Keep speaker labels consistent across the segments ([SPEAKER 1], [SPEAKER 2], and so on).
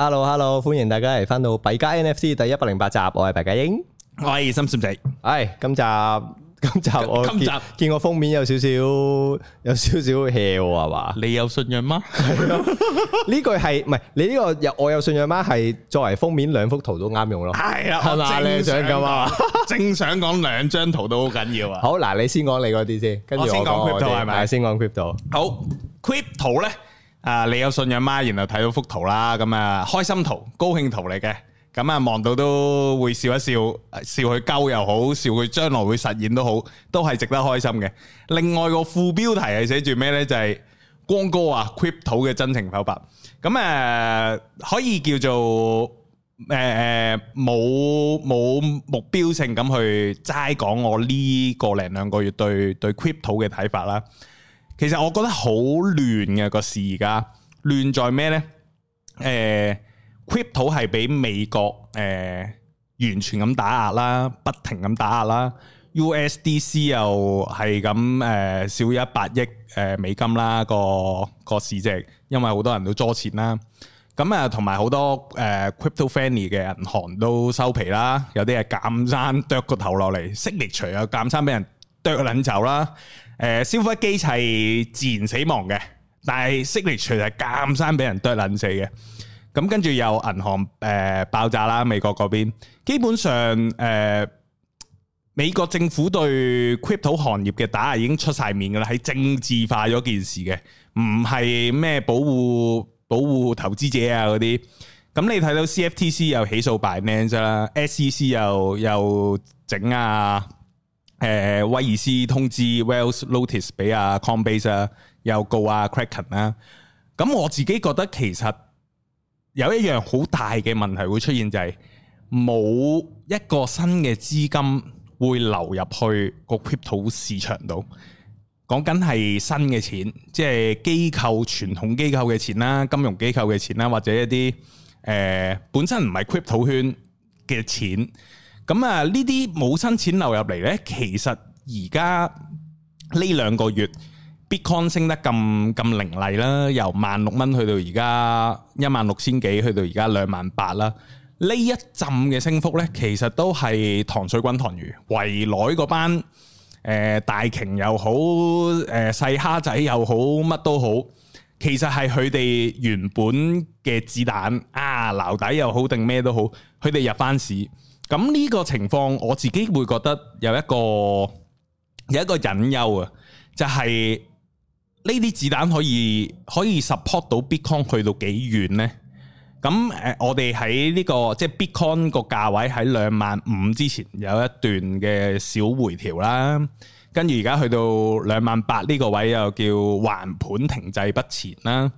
[SPEAKER 1] Hello，Hello，歡迎大家嚟翻到幣加 NFT 第一百零八集，我係幣加英，我係深思迪，係今集今集我今集見個封面有少少有少少 heat 係嘛？你有信任嗎？呢句係唔係你呢個有我有信任嗎？係作為封面兩幅圖都啱用咯，係啊，係咪啊？你想咁啊，正想講兩張圖都好緊要啊。好嗱，你先講你嗰啲先，跟住我講，係咪？先講 Crypto，好，Crypto 咧。啊！你有信仰嗎？然後睇到幅圖啦，咁啊，開心圖、高興圖嚟嘅，咁啊望到都會笑一笑，笑佢鳩又好，笑佢將來會實現都好，都係值得開心嘅。另外個副標題係寫住咩呢？就係光哥啊，Crypto 嘅真情剖白。咁誒，可以叫做誒冇冇目標性咁去齋講我呢個零兩個月對對 Crypto 嘅睇法啦。其實我覺得好亂嘅個市，而家亂在咩咧？誒，crypto 係俾美國誒、呃、完全咁打壓啦，不停咁打壓啦。USDC 又係咁誒少一百億誒美金啦，個、呃、個市值，因為好多人都揸錢啦。咁啊，同埋好多誒 crypto friendly 嘅銀行都收皮啦，有啲係減山剁個頭落嚟，息力除又減山俾人。啄卵走啦，誒，消防機係自然死亡嘅，但係 Signature 係咁生俾人啄卵死嘅，咁跟住又銀行誒爆炸啦，美國嗰邊基本上誒美國政府對 Crypto 行業嘅打壓已經出晒面噶啦，係政治化咗件事嘅，唔係咩保護保護投資者啊嗰啲，咁你睇到 CFTC 又起訴 Binance 啦，SEC 又又整啊。誒、呃、威爾斯通知 Wells Notice 俾阿、啊、Coinbase 啊，又告阿 Kraken 啦。咁我自己覺得其實有一樣好大嘅問題會出現，就是，就係冇一個新嘅資金會流入去個 crypto 市場度。講緊係新嘅錢，即係機構、傳統機構嘅錢啦，啊、金融機構嘅錢啦，啊，或者一啲誒、呃、本身唔係 crypto 圈嘅錢。咁啊，呢啲冇新錢流入嚟呢，其實而家呢兩個月 Bitcoin 升得咁咁凌厲啦，由萬六蚊去到而家一萬六千幾，去到而家兩萬八啦。呢一陣嘅升幅呢，其實都係塘水滾塘魚，圍內個班誒、呃、大鯨又好，誒、呃、細蝦仔又好，乜都好，其實係佢哋原本嘅子彈啊，撈底又好定咩都好，佢哋入翻市。咁呢個情況，我自己會覺得有一個有一個隱憂啊，就係呢啲子彈可以可以 support 到 Bitcoin 去到幾遠呢？咁誒，我哋喺呢個即係 Bitcoin 個價位喺兩萬五之前有一段嘅小回調啦，跟住而家去到兩萬八呢個位又叫橫盤停滯不前啦，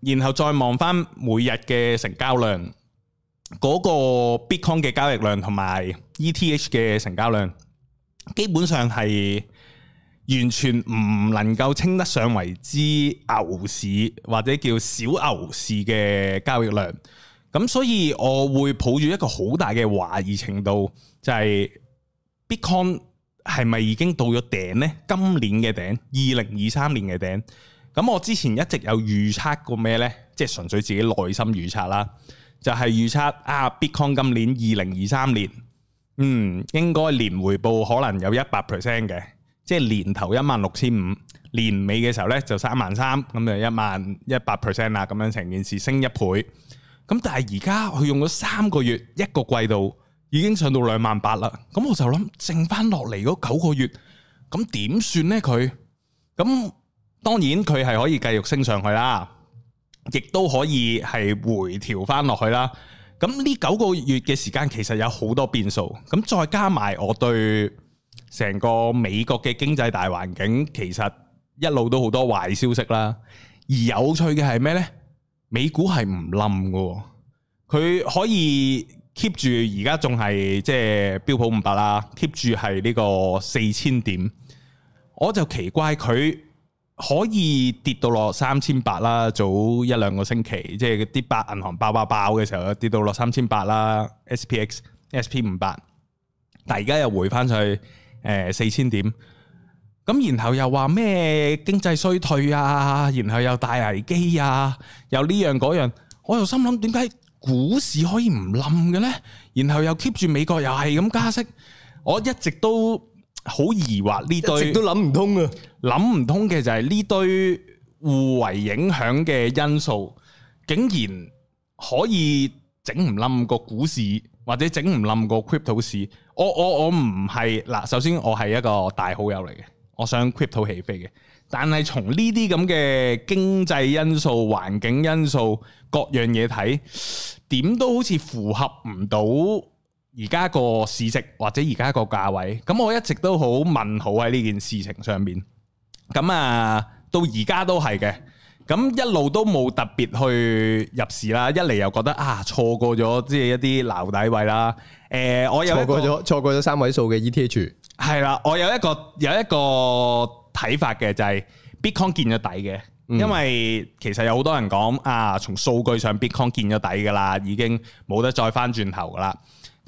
[SPEAKER 1] 然後再望翻每日嘅成交量。嗰個 Bitcoin 嘅交易量同埋 ETH 嘅成交量，基本上係完全唔能夠稱得上為之牛市或者叫小牛市嘅交易量。咁所以，我會抱住一個好大嘅懷疑程度，就係、係、Bitcoin 係咪已經到咗頂呢？今年嘅頂，二零二三年嘅頂。咁我之前一直有預測過咩呢？即、就、係、係、純粹自己內心預測啦。就係預測啊，Bitcoin 今年二零二三年，嗯，應該年回報可能有一百 percent 嘅，即係年頭一萬六千五，年尾嘅時候咧就三萬三，咁就一萬一百 percent 啦，咁樣成件事升一倍。咁但係而家佢用咗三個月一個季度已經上到兩萬八啦，咁我就諗剩翻落嚟嗰九個月，咁點算呢？佢？咁當然佢係可以繼續升上去啦。亦都可以係回調翻落去啦。咁呢九個月嘅時間其實有好多變數。咁再加埋我對成個美國嘅經濟大環境，其實一路都好多壞消息啦。而有趣嘅係咩呢？美股係唔冧㗎，佢可以 keep 住而家仲係即係標普五百啦，keep 住係呢個四千點。我就奇怪佢。可以跌到落三千八啦，早一兩個星期，即係啲百銀行爆爆爆嘅時候，跌到落三千八啦，S P X S P 五八，但而家又回翻去誒四千點，咁然後又話咩經濟衰退啊，然後又大危機啊，又呢樣嗰樣，我又心諗點解股市可以唔冧嘅呢？然後又 keep 住美國又係咁加息，我一直都。好疑惑呢堆，一直都諗唔通啊！諗唔通嘅就係呢堆互為影響嘅因素，竟然可以整唔冧個股市，或者整唔冧個 crypto 市。我我我唔係嗱，首先我係一個大好友嚟嘅，我想 crypto 起飛嘅。但係從呢啲咁嘅經濟因素、環境因素、各樣嘢睇，點都好似符合唔到，而家個市值或者而家個價位，咁我一直都好問號喺呢件事情上面。咁啊到而家都係嘅，咁一路都冇特別去入市啦，一嚟又覺得啊錯過咗，即係一啲撈底位啦。誒，我錯過咗，錯過咗三位數嘅 ETH。係啦，我有一個有一個睇法嘅就係、是、Bitcoin 見咗底嘅，因為其實有好多人講啊，從數據上 Bitcoin 見咗底噶啦，已經冇得再翻轉頭噶啦。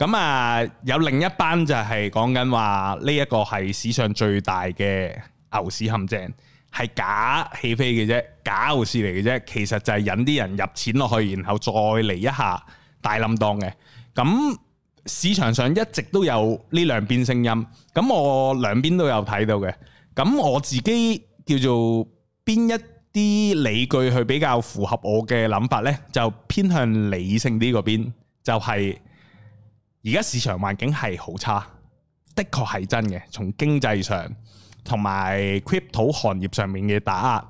[SPEAKER 1] 咁啊、嗯，有另一班就係講緊話呢一個係史上最大嘅牛市陷阱，係假起飛嘅啫，假牛市嚟嘅啫。其實就係引啲人入錢落去，然後再嚟一下大冧檔嘅。咁、嗯、市場上一直都有呢兩邊聲音，咁我兩邊都有睇到嘅。咁我自己叫做邊一啲理據去比較符合我嘅諗法呢？就偏向理性啲嗰邊，就係、是。而家市場環境係好差的，的確係真嘅。從經濟上同埋 crypto 行業上面嘅打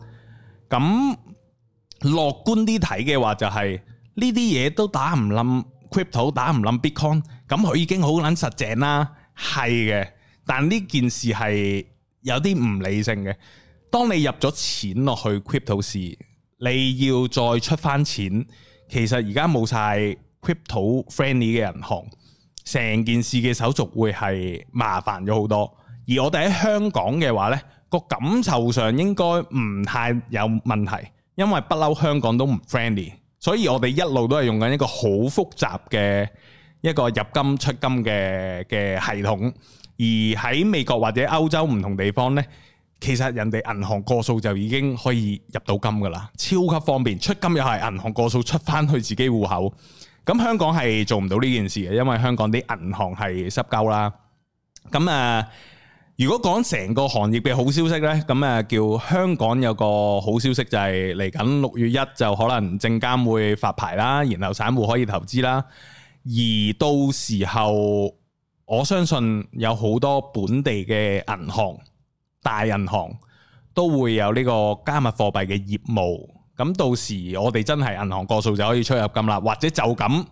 [SPEAKER 1] 壓，咁樂觀啲睇嘅話就係呢啲嘢都打唔冧 crypto，打唔冧 Bitcoin，咁佢已經好撚實淨啦。係嘅，但呢件事係有啲唔理性嘅。當你入咗錢落去 crypto 市，你要再出翻錢，其實而家冇晒 crypto friendly 嘅銀行。成件事嘅手續會係麻煩咗好多，而我哋喺香港嘅話呢，呢個感受上應該唔太有問題，因為不嬲香港都唔 friendly，所以我哋一路都係用緊一個好複雜嘅一個入金出金嘅嘅系統，而喺美國或者歐洲唔同地方呢，其實人哋銀行個數就已經可以入到金噶啦，超級方便，出金又係銀行個數出翻去自己戶口。咁香港係做唔到呢件事嘅，因為香港啲銀行係濕鳩啦。咁啊，如果講成個行業嘅好消息呢，咁啊叫香港有個好消息就係嚟緊六月一就可能證監會發牌啦，然後散戶可以投資啦。而到時候我相信有好多本地嘅銀行、大銀行都會有呢個加密貨幣嘅業務。咁到時我哋真係銀行過數就可以出入金啦，或者就咁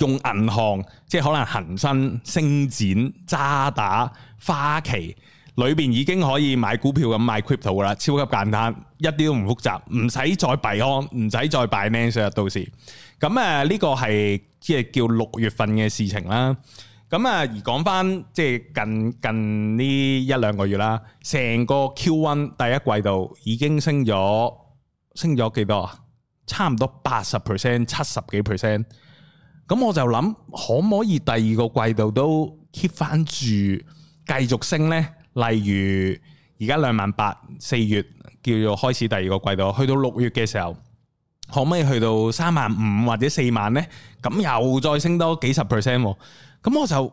[SPEAKER 1] 用銀行，即係可能恒生星展渣打花旗裏邊已經可以買股票咁買 crypto 噶啦，超級簡單，一啲都唔複雜，唔使再幣安，唔使再 buy man 到時咁啊，呢個係即係叫六月份嘅事情啦。咁啊而講翻即係近近呢一兩個月啦，成個 Q1 第一季度已經升咗。升咗幾多？差唔多八十 percent，七十幾 percent。咁我就諗，可唔可以第二個季度都 keep 翻住繼續升呢？例如而家兩萬八，四月叫做開始第二個季度，去到六月嘅時候，可唔可以去到三萬五或者四萬呢？咁又再升多幾十 percent？咁我就。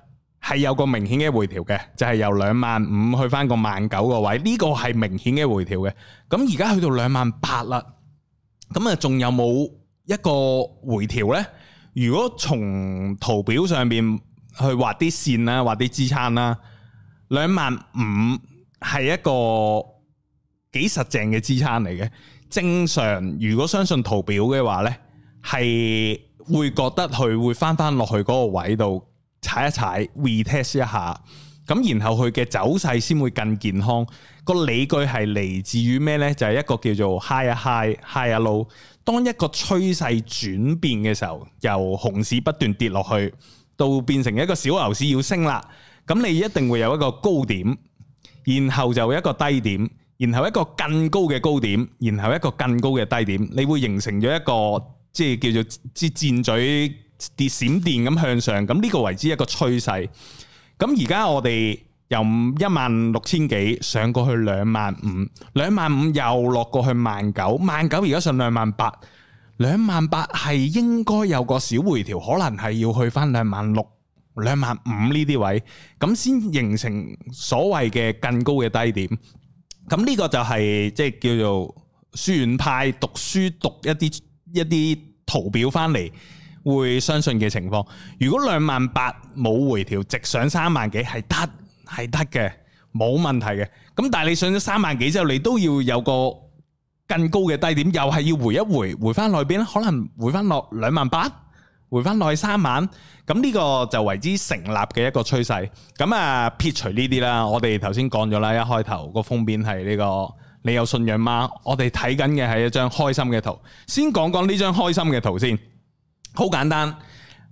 [SPEAKER 1] 係有個明顯嘅回調嘅，就係、是、由兩萬五去翻個萬九個位，呢個係明顯嘅回調嘅。咁而家去到兩萬八啦，咁啊仲有冇一個回調呢？如果從圖表上面去畫啲線啦、啊，畫啲支撐啦、啊，兩萬五係一個幾實淨嘅支撐嚟嘅。正常如果相信圖表嘅話呢，係會覺得佢會翻翻落去嗰個位度。踩一踩，retest 一下，咁然後佢嘅走勢先會更健康。個理據係嚟自於咩呢？就係、是、一個叫做 high 啊 high, high，high 啊 low。當一個趨勢轉變嘅時候，由熊市不斷跌落去，到變成一個小牛市要升啦。咁你一定會有一個高點，然後就一個低點，然後一個更高嘅高點，然後一個更高嘅低點。你會形成咗一個即係叫做之箭嘴。跌閃電咁向上，咁呢個為之一個趨勢。咁而家我哋由一萬六千幾上過去兩萬五，兩萬五又落過去萬九，萬九而家上兩萬八，兩萬八係應該有個小回調，可能係要去翻兩萬六、兩萬五呢啲位，咁先形成所謂嘅更高嘅低點。咁呢個就係即係叫做書院派讀書讀一啲一啲圖表翻嚟，會相信嘅情況，如果兩萬八冇回調，直上三萬幾，係得係得嘅，冇問題嘅。咁但係你上咗三萬幾之後，你都要有個更高嘅低點，又係要回一回，回翻內邊，可能回翻落兩萬八，回翻落去三萬，咁呢個就為之成立嘅一個趨勢。咁啊，撇除呢啲啦，我哋頭先講咗啦，一開頭個封面係呢個你有信仰嗎？我哋睇緊嘅係一張開心嘅圖，先講講呢張開心嘅圖先。好簡單，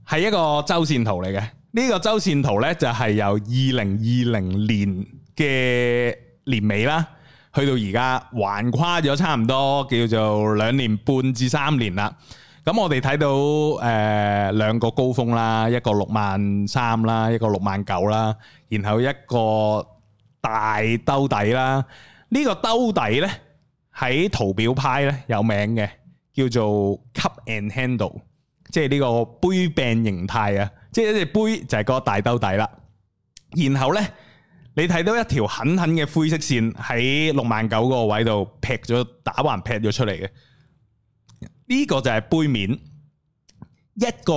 [SPEAKER 1] 係一個周線圖嚟嘅。呢個周線圖咧，就係由二零二零年嘅年尾啦，去到而家，橫跨咗差唔多叫做兩年半至三年啦。咁我哋睇到誒兩個高峰啦，一個六萬三啦，一個六萬九啦，然後一個大兜底啦。呢個兜底咧喺圖表派咧有名嘅，叫做 cup and handle。即係呢個杯柄形態啊！即係一隻杯就係個大兜底啦，然後呢，你睇到一條狠狠嘅灰色線喺六萬九個位度劈咗打橫劈咗出嚟嘅，呢、這個就係杯面。一個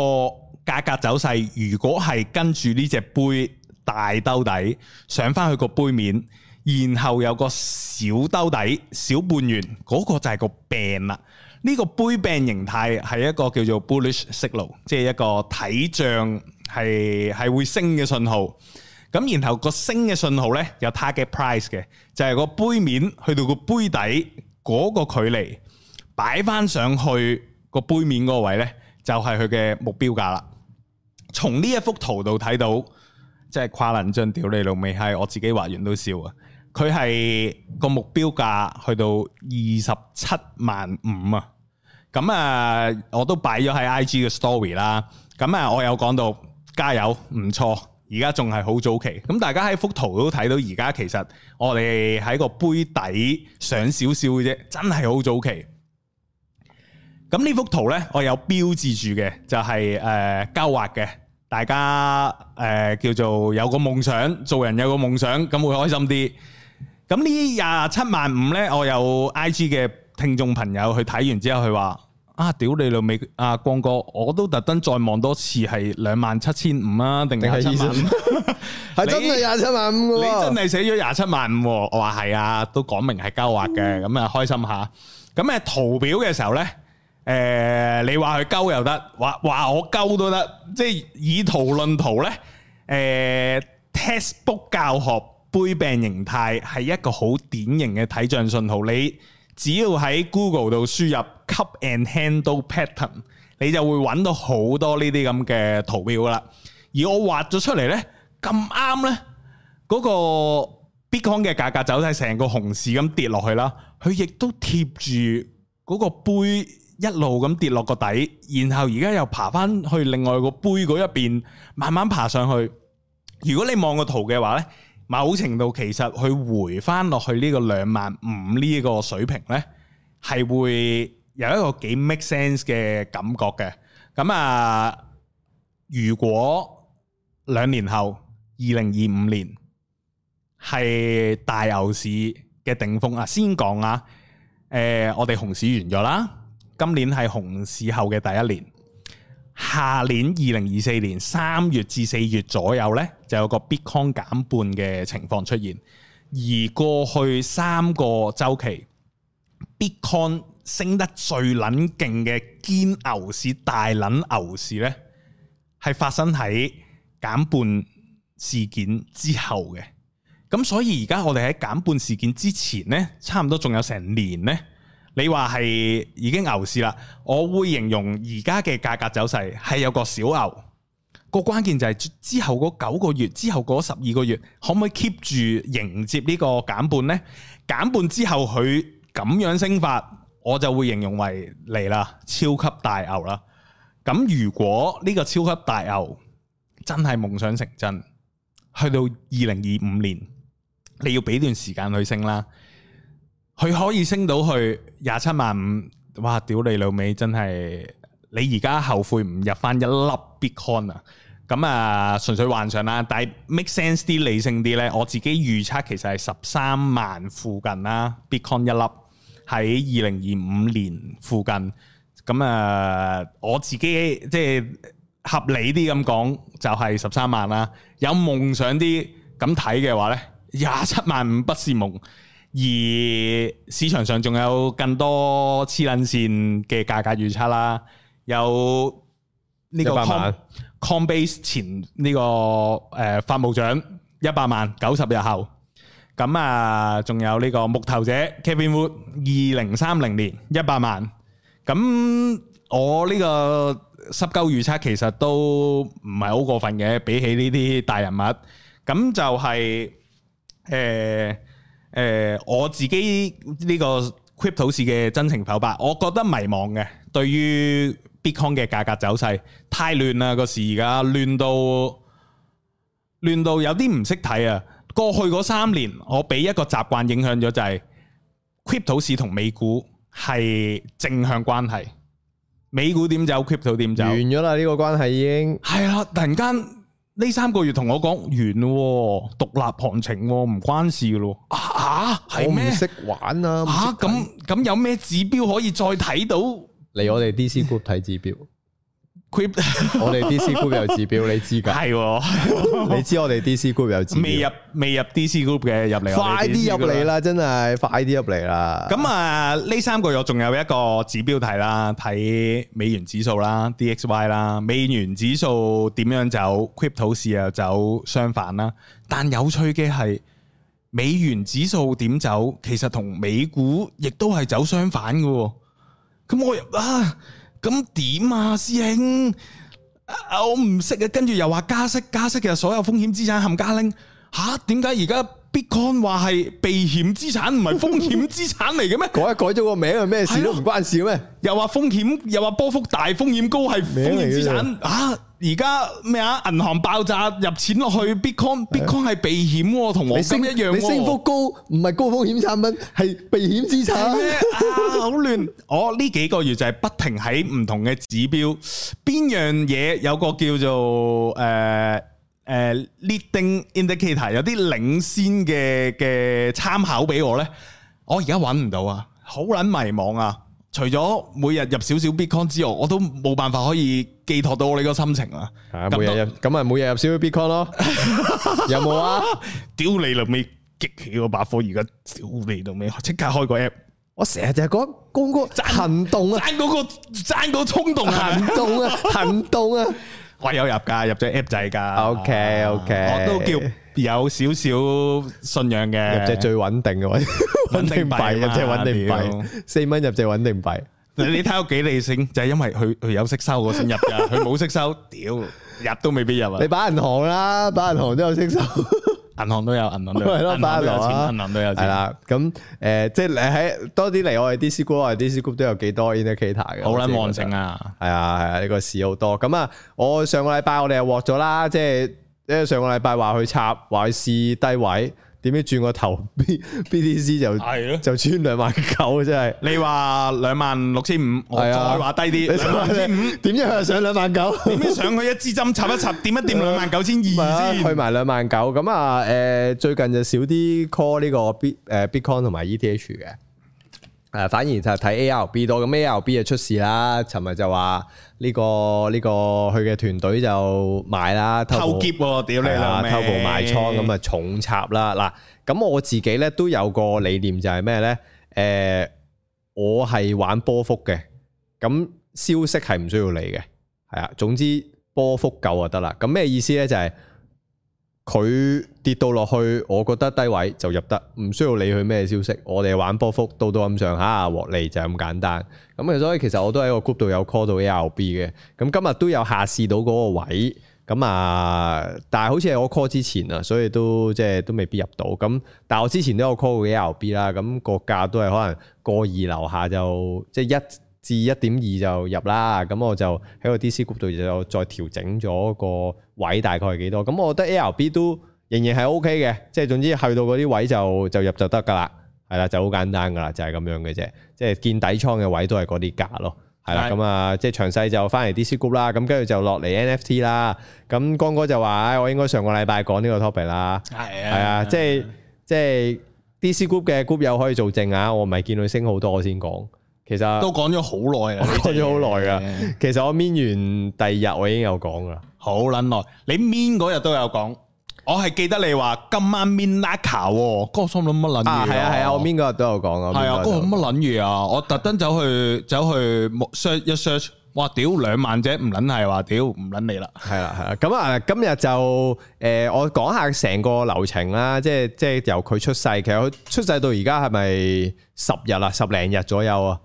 [SPEAKER 1] 價格，格走勢如果係跟住呢隻杯大兜底上返去個杯面，然後有個小兜底小半圓，嗰、那個就係個柄啦。呢個杯柄形態係一個叫做 bullish signal，即係一個睇漲係係會升嘅信號。咁然後個升嘅信號咧有 target price 嘅，就係、是、個杯面去到個杯底嗰個距離擺翻上去個杯面嗰個位咧，就係佢嘅目標價啦。從呢一幅圖度睇到，即係跨欄進屌你老味，係我自己畫完都笑啊！佢係個目標價去到二十七萬五啊！咁啊，我都擺咗喺 IG 嘅 story 啦。咁啊，我有講到加油，唔錯，而家仲係好早期。咁大家喺幅圖都睇到，而家其實我哋喺個杯底上少少嘅啫，真係好早期。咁呢幅圖咧，我有標誌住嘅就係、是、誒、呃、勾畫嘅，大家誒、呃、叫做有個夢想，做人有個夢想，咁會開心啲。咁呢廿七萬五咧，5, 我有 IG 嘅聽眾朋友去睇完之後，佢話啊，屌你老味阿光哥，我都特登再望多次，係兩萬七千五啊，定係七萬五？
[SPEAKER 2] 係真係廿七
[SPEAKER 1] 萬五噶，你真係寫咗廿七萬五， 我話係啊，都講明係交畫嘅，咁啊開心下。咁啊圖表嘅時候咧，誒、呃，你話佢勾又得，話話我勾都得，即係以圖論圖咧，誒、呃、，textbook 教學。杯柄形態係一個好典型嘅睇漲信號，你只要喺 Google 度輸入 cup and handle pattern，你就會揾到好多呢啲咁嘅圖表㗎啦。而我畫咗出嚟呢，咁啱呢，嗰個 Bitcoin 嘅價格走勢成個熊市咁跌落去啦，佢亦都貼住嗰個杯一路咁跌落個底，然後而家又爬翻去另外個杯嗰一邊，慢慢爬上去。如果你望個圖嘅話呢。某程度其實佢回翻落去呢個兩萬五呢個水平呢，係會有一個幾 make sense 嘅感覺嘅。咁啊，如果兩年後二零二五年係大牛市嘅頂峰啊，先講啊，誒，我哋熊市完咗啦，今年係熊市後嘅第一年，下年二零二四年三月至四月左右呢。就有個 Bitcoin 減半嘅情況出現，而過去三個週期 Bitcoin 升得最撚勁嘅堅牛市、大撚牛市呢，係發生喺減半事件之後嘅。咁所以而家我哋喺減半事件之前呢，差唔多仲有成年呢。你話係已經牛市啦，我會形容而家嘅價格走勢係有個小牛。個關鍵就係之後嗰九個月，之後嗰十二個月，可唔可以 keep 住迎接呢個減半呢？減半之後佢咁樣升法，我就會形容為嚟啦，超級大牛啦。咁如果呢個超級大牛真係夢想成真，去到二零二五年，你要俾段時間去升啦。佢可以升到去廿七萬五，哇！屌你老味，真係～你而家後悔唔入翻一粒 Bitcoin 啊？咁啊，純粹幻想啦。但係 make sense 啲、理性啲咧，我自己預測其實係十三萬附近啦，Bitcoin 一粒喺二零二五年附近。咁啊，我自己即係、就是、合理啲咁講，就係十三萬啦。有夢想啲咁睇嘅話咧，廿七萬五不是夢。而市場上仲有更多黐撚線嘅價格預測啦。有呢個 Coinbase 前呢個誒法務長一百萬九十日後，咁啊仲有呢個木頭姐 Kevin Wood 二零三零年一百萬，咁我呢個濕鳩預測其實都唔係好過分嘅，比起呢啲大人物，咁就係誒誒我自己呢個 crypto 市嘅真情剖白，我覺得迷惘嘅，對於。Bitcoin 嘅價格走勢太亂啦，個市而家亂到亂到有啲唔識睇啊！過去嗰三年，我俾一個習慣影響咗、就係，就係 Crypto 市同美股係正向關係，美股點走 Crypto 點走，走完咗啦！呢、呢個關係已經係啦、啊，突然間呢三個月同我講完、啊，獨立行情唔關事咯、啊。啊啊，係咩？唔識玩啊！吓咁咁有咩指標可以再睇到？嚟我哋 D C Group 睇指標 Group 我哋 D C Group 有指標， 你知噶係， 你知我哋 D C Group 有指標。未入未入 D C Group 嘅入嚟，快啲入嚟啦！真係快啲入嚟啦！咁啊，呢三個月仲有一個指標睇啦，睇美元指數啦，D X Y 啦，美元指數點樣走？Crypto 市啊，又走相反啦。但有趣嘅係，美元指數點走，其實同美股亦都係走相反噶。咁我啊，咁點啊，師兄，我唔識啊，跟住，啊、又話加息加息，加息其實所有風險資產冚家拎，嚇，點解而家？Bitcoin 話係避險資產，唔係風險資產嚟嘅咩？ 改一改咗個名，咩事都唔關事咩？又話風險，又話波幅大，風險高係風險資產。吓麼，而家咩啊？銀行爆炸，入錢落去，Bitcoin，Bitcoin 係 Bitcoin 的 Bitcoin 避險，同黃金一樣你。你升幅高，唔係高風險產品，係避險資產。好亂！我、啊、呢、 oh, 幾個月就係不停喺唔同嘅指標，邊樣嘢有個叫做誒。呃誒，leading indicator 有啲領先嘅嘅參考俾我咧，我而家揾唔到啊，好捻迷茫啊！除咗每日入少少 Bitcoin 之外，我都冇辦法可以寄託到我呢個心情啊！咁每日咁啊，每日入少少 Bitcoin 咯，有冇啊？屌你老味，激起我把火，而家屌你老味，即刻開個 app，我成日就係講講個行動啊，嗰個爭個衝動行動啊，行動啊！我有入噶，入咗 app 仔噶。OK OK，啊、我都叫有少少信仰嘅。入隻最穩定嘅，穩定幣。 穩定幣入隻穩定幣，四蚊、呃、入隻穩定幣。呃、定你睇我幾理性， 就係因為佢佢有識收嗰，先入噶，佢冇息收，屌入都未必入啊！你擺銀行啦，擺銀行都有息收。 銀行都有，銀行都有，花落啊，銀行都有，係啦。咁誒，即係你喺多啲嚟,我哋 DC Group，我哋 DC Group 都有幾多 indicator 嘅，好啦的，望整啊，係啊，係啊，呢個市好多。咁啊，我上個禮拜我哋又獲咗啦，即係即係上個禮拜話去插，話去試低位。點樣轉個頭 B B T C 就係咯，的就穿兩萬九，真係。你話兩萬六千五，我再話低啲六千五。點樣去上兩萬九？點樣去上去一支針插一插，點一掂兩萬九千二先去埋兩萬九。咁 啊，誒、呃，最近就少啲 call 呢個 B 誒、呃、Bitcoin 同埋 E T H 嘅。誒，反而就睇 A L B 多，咁 A L B 就出事啦。尋日就話呢、這個呢、這個佢嘅團隊就賣啦，偷劫屌你啦，偷步部了賣倉，咁啊麼重插啦。嗱，咁我自己咧都有個理念就，就係咩咧？誒，我係玩波幅嘅，咁消息係唔需要你嘅，係啊。總之波幅夠就得啦。咁咩意思咧？就係、是。佢跌到落去，我覺得低位就入得，唔需要理佢咩消息。我哋玩波幅到到咁上下獲利就咁簡單。咁所以其實我都喺個 group 度有 call 到 ARB 嘅。咁今日都有下試到嗰個位，咁啊，但係好似係我 call 之前啊，所以都即係都未必入到。咁但係我之前都有 call 過 ARB 啦，咁個價都係可能過二樓下就即係一至一點二就入啦，咁我就喺個 DC Group 度就再調整咗個位，大概係幾多？咁我覺得 ARB 都仍然係 OK 嘅，即係總之去到嗰啲位就就入就得噶啦，係啦就好簡單噶啦，就係咁樣嘅啫，即係見底倉嘅位都係嗰啲價咯，係啦咁啊，即係詳細就翻嚟 DC Group 啦，咁跟住就落嚟 NFT 啦，咁光哥就話，我應該上個禮拜講呢個 topic 啦，係啊，即係即係 DC Group 嘅 group 友可以做證啊，我咪見佢升好多，我先講。其實都講咗好耐啦，講咗好耐噶。其實我 mint 完第二日我已經有講噶啦，好卵耐。你 mint 嗰日都有講，我係記得你話今晚 mint Naka，我心諗乜卵嘢啊？係啊係啊，我 mint 嗰日都有講啊。係啊，嗰個乜卵嘢啊？我特登走去走去 search，一 search，哇屌兩萬隻唔卵係話屌唔卵你啦，係啊係啊。咁啊今日就誒我講下成個流程啦，即係即係由佢出世，其實佢出世到而家係咪十日啊十零日左右啊？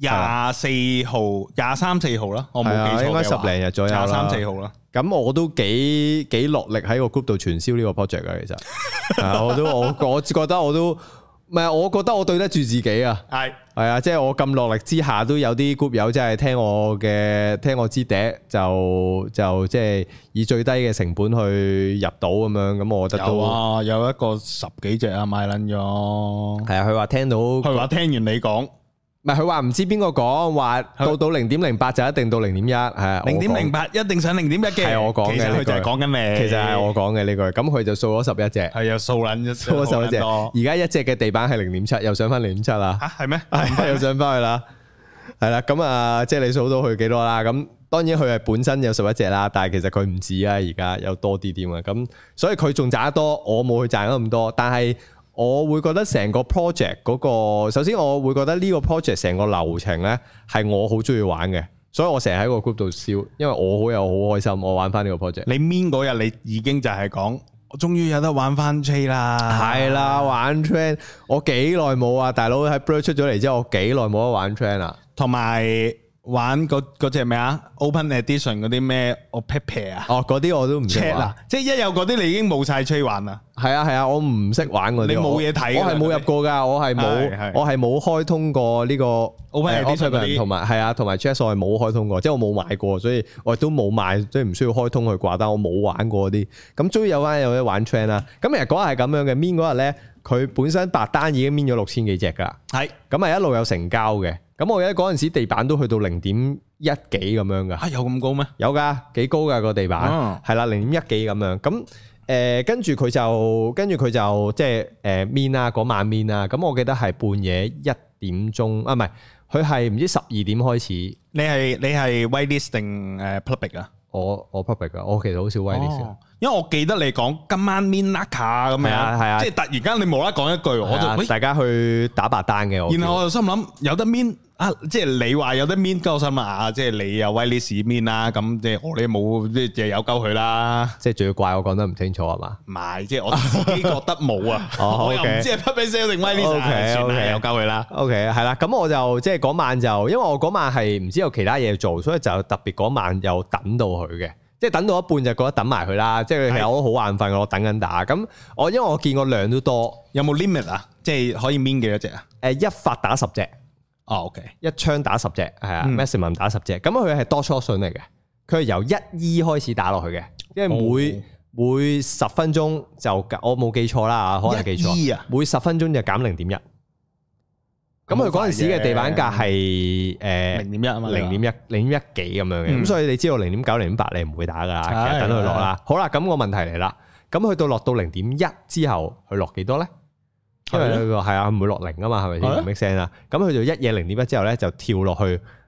[SPEAKER 1] 廿四號、廿三四號啦，我冇記，應該十零日左右啦。廿三四號啦，咁我都幾幾落力喺個 group 度傳銷呢個 project 啊，其實我都我我覺得我都唔係，我覺得我對得住自己啊，係係啊，即係我咁落力之下都有啲 group 友即係聽我嘅聽我支笛，就就即係以最低嘅成本去入到咁樣，咁我覺得都有啊，有一個十幾隻啊，買撚咗，係啊，佢話聽到佢話聽完你講。唔係佢話唔知邊個講話到到零點零八就一定到零點一，係零點零八一定上零點一嘅，係我講嘅，佢就係講緊咩？其實係我講嘅呢句。咁佢就掃咗十一隻，係又掃撚一掃咗十一隻。而家一隻嘅地板係零點七，又上翻零點七啦。吓係咩？係、哎、嗎又上翻去啦，係啦。 咁啊，即係你數到佢幾多啦？咁當然佢係本身有十一隻啦，但係其實佢唔止啊，而家有多啲點啊。咁所以佢仲賺得多，我冇去賺咁多，但係。我會覺得成個 project 嗰、嗰個，首先我會覺得呢個 project 成個流程呢係我好中意玩嘅，所以我成日喺個 group 度笑，因為我好有好開心，我玩翻呢個 project。你 min 嗰日你已經就係講，我終於有得玩翻 J r 啦，係啦、啊，玩 train，我幾耐冇啊，大佬喺 Blur 出咗嚟之後，我幾耐冇得玩 train 啊，同埋。玩嗰嗰隻咩啊？Open Edition 嗰啲咩？哦，Pepa 啊！哦，嗰啲我都唔 check 啦。即係一有嗰啲，你已經冇晒追玩啦。係啊係啊，我唔識玩嗰啲。你冇嘢睇，我係冇入過噶，我係冇，我係冇開通過呢個 Open Edition 同埋係啊，同埋 Chess 我係冇開通過，即係我冇買過，所以我都冇買，即係唔需要開通去掛單，我冇玩過嗰啲。咁終於有返有啲玩 train 啦。咁其實嗰日係咁樣嘅，搣嗰日咧，佢本身白單已經搣咗六千幾隻噶。係，咁啊一路有成交嘅。咁我記得嗰陣時地板都去到零點一幾咁樣噶、啊，有咁高咩？有噶，幾高噶個地板，係啦，零點一幾咁樣。咁誒跟住佢就跟住佢就即係誒面啊，嗰、嗯呃就是呃、晚面啊。咁我記得係半夜一點鐘啊，唔係佢係唔知十二點開始。你係你係 white list 定誒 public 啊？我我 public 啊，我其實好少 white list、哦。因為我記得你講今晚 mint Naka 咁樣，係啊，即係突然間你無啦講一句，我就大家去打白單嘅。然後我就心諗有得 mint 啊，即係你話有得 mint 鳩心啊，即係你又 whitelist mint 啦，咁即係我你冇即係有鳩佢啦。即係最怪我講得唔清楚係嘛？唔係，即係我自己覺得冇啊。我又唔知係 putting sell 定 whitelist。O K，算啦，有鳩佢啦。O K，係啦。咁我就即係嗰晚就，因為我嗰晚係唔知有其他嘢做，所以就特別嗰晚又等到佢嘅。即係等到一半就覺得等埋佢啦，即係其實我都好眼瞓，我等緊打。咁我因為我見個量都多，有冇 limit 啊？即係可以 min 幾多隻啊？誒、呃，一發打十隻，哦，OK，一槍打十隻，係啊，maximum、嗯、打十隻。咁佢係多初信嚟嘅，佢係由一依、e、開始打落去嘅，因為每、哦哦、每十分鐘就我冇記錯啦，可能記錯，一 e? 每十分鐘就減零點一。咁佢嗰陣時嘅地板價係誒零點一啊嘛，零點一零點一幾咁樣嘅，咁所以你知道零點九零點八你唔會打噶，其實等佢落啦。好啦，咁個問題嚟啦，咁去到落到零點一之後，佢落幾多咧？因為係啊，唔會落零啊嘛，係咪先 make sense 啦？咁佢就一嘢零點一之後咧，就跳落去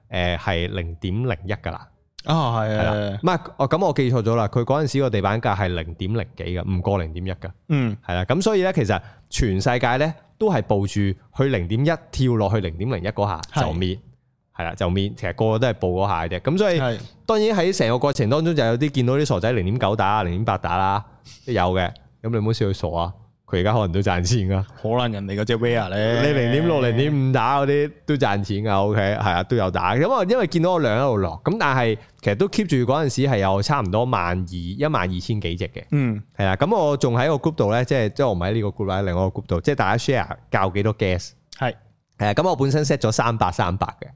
[SPEAKER 1] 誒係零點零一噶啦。啊，係啦，唔係哦，咁我記錯咗啦。佢嗰陣時個地板價係零點零幾嘅，唔過零點一噶。嗯，係啦，咁所以咧，其實全世界咧。.都係抱住去零點一跳落去零點零一嗰下就滅，係啦是就滅。其實個個都係報嗰下嘅，咁所以是當然喺成個過程當中就有啲見到啲傻仔零點九打零點八打啦，都有嘅。咁 你唔好笑佢傻啊。佢而家可能都賺錢噶，可能人哋嗰隻 wheel 咧，你零點六、零點五打嗰啲都賺錢噶。O.K. 係啊，都有打咁啊，因為見到我兩喺度落，咁但係其實都 keep 住嗰陣時係有差唔多萬二、嗯、一萬二千幾隻嘅。嗯，係啊，咁我仲喺個 group 度咧，即係即係我唔喺呢個 group 啦，喺另外一個 group 度，即係大家 share 教幾多 gas 的。係，誒，咁我本身 set 咗三百三百嘅。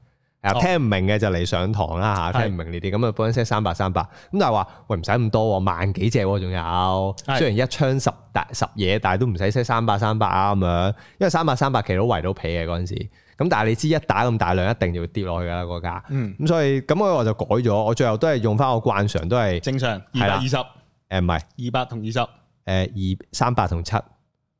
[SPEAKER 1] 聽唔明嘅就嚟上堂啦吓，聽唔明呢啲咁啊，幫人 set 三百、三百。咁，但係話喂唔使咁多，萬幾隻仲有，雖然一槍十大十嘢，但係都唔使 set 三百、三百啊咁樣，因為三百、三百其實都圍到皮嘅嗰陣時，咁但係你知一打咁大量一定就會跌落去噶啦個價，咁、嗯、所以咁我我就改咗，我最後都係用翻我慣常都係正常二百二十，誒唔係二百同二十，誒二三百同七。和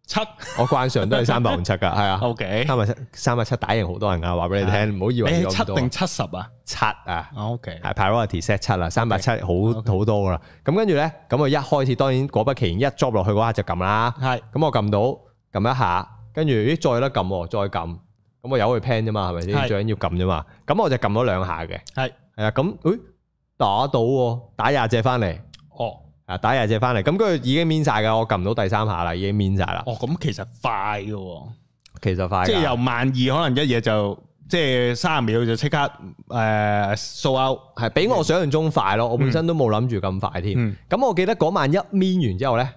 [SPEAKER 1] 七，我慣常都係三百五七噶，係啊，O K，三百七，三百七打贏好多人啊，話俾你聽，唔好以為有咁多。七定七十啊？七啊，O K，係 Priority Set 七啊，三百七好好多噶啦。咁跟住咧，咁我一開始當然果不其然一 job 落去嗰刻就撳啦，係，咁我撳到撳一下，跟住咦再得撳，再撳，咁我有去 plan 啫嘛，係咪先？最緊要撳啫嘛，咁我就撳咗兩下嘅，係，係啊，咁誒打到打廿隻翻嚟。啊！打廿隻翻嚟，咁佢已經搣晒噶，我撳唔到第三下啦，已經搣晒啦。哦，咁其實快噶，其實快，即係由萬二可能一嘢，就即係三十秒就即刻誒 sold out，係比我想象中快咯。我本身都冇諗住咁快添。咁我記得嗰晚一搣完之後咧，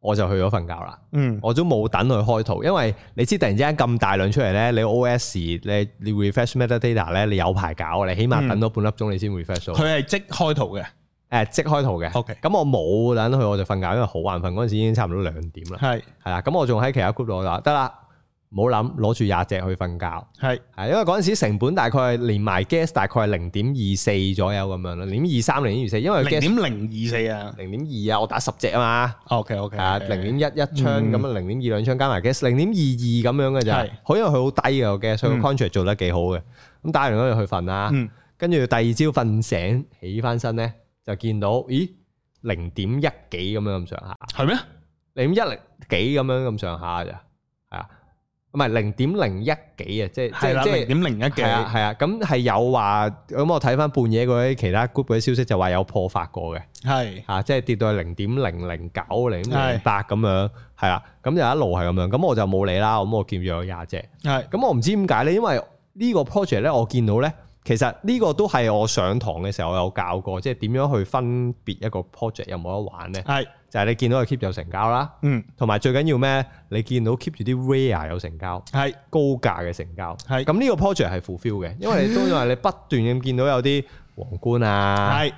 [SPEAKER 1] 我就去咗瞓覺啦。嗯，我都冇等佢開圖，因為你知突然之間咁大量出嚟咧，你 OS 你你 refresh metadata 咧，你有排搞，你起碼等多半粒鐘你先 refresh。佢係即開圖嘅。誒即開圖嘅，咁我冇等去，我就瞓覺，因為好眼瞓嗰陣時已經差唔多兩點啦。係係啦，咁我仲喺其他 group 度話得啦，冇諗攞住廿隻去瞓覺。係係，因為嗰陣時成本大概連埋 gas 大概係零點二四左右咁樣啦，零點二三零點二四，因為零點零二四啊，零點二啊，我打十隻啊嘛。OK OK 啊，零點一一槍咁啊，零點二兩槍加埋 gas 零點二二咁樣嘅就係，因為佢好低嘅 gas，所以 contract 做得幾好嘅。咁打完嗰陣去瞓啦，跟住第二朝瞓醒起翻身咧。就見到，咦？零點一幾咁樣咁上下，係咩？零點一零幾咁樣咁上下咋？係啊，唔係零點零一幾啊？即係係啦，零點零一幾係啊。係啊，咁係有話咁我睇翻半夜嗰啲其他 group 嗰啲消息就話有破發過嘅，係吓，即係跌到係零點零零九零零八咁樣，係啦，咁就一路係咁樣，咁我就冇理啦。咁我見咗有廿隻，係咁我唔知點解咧，因為呢個 project 咧，我見到咧。其實呢個都係我上堂嘅時候，我有教過，即係點樣去分別一個 project 有冇得玩呢？係，就係你見到佢 keep 有成交啦，嗯，同埋最緊要咩？你見到 keep 住啲 rare 有成交，係高價嘅成交，係咁呢個 project 係 full feel 嘅，因為都話你不斷咁見到有啲皇冠啊，係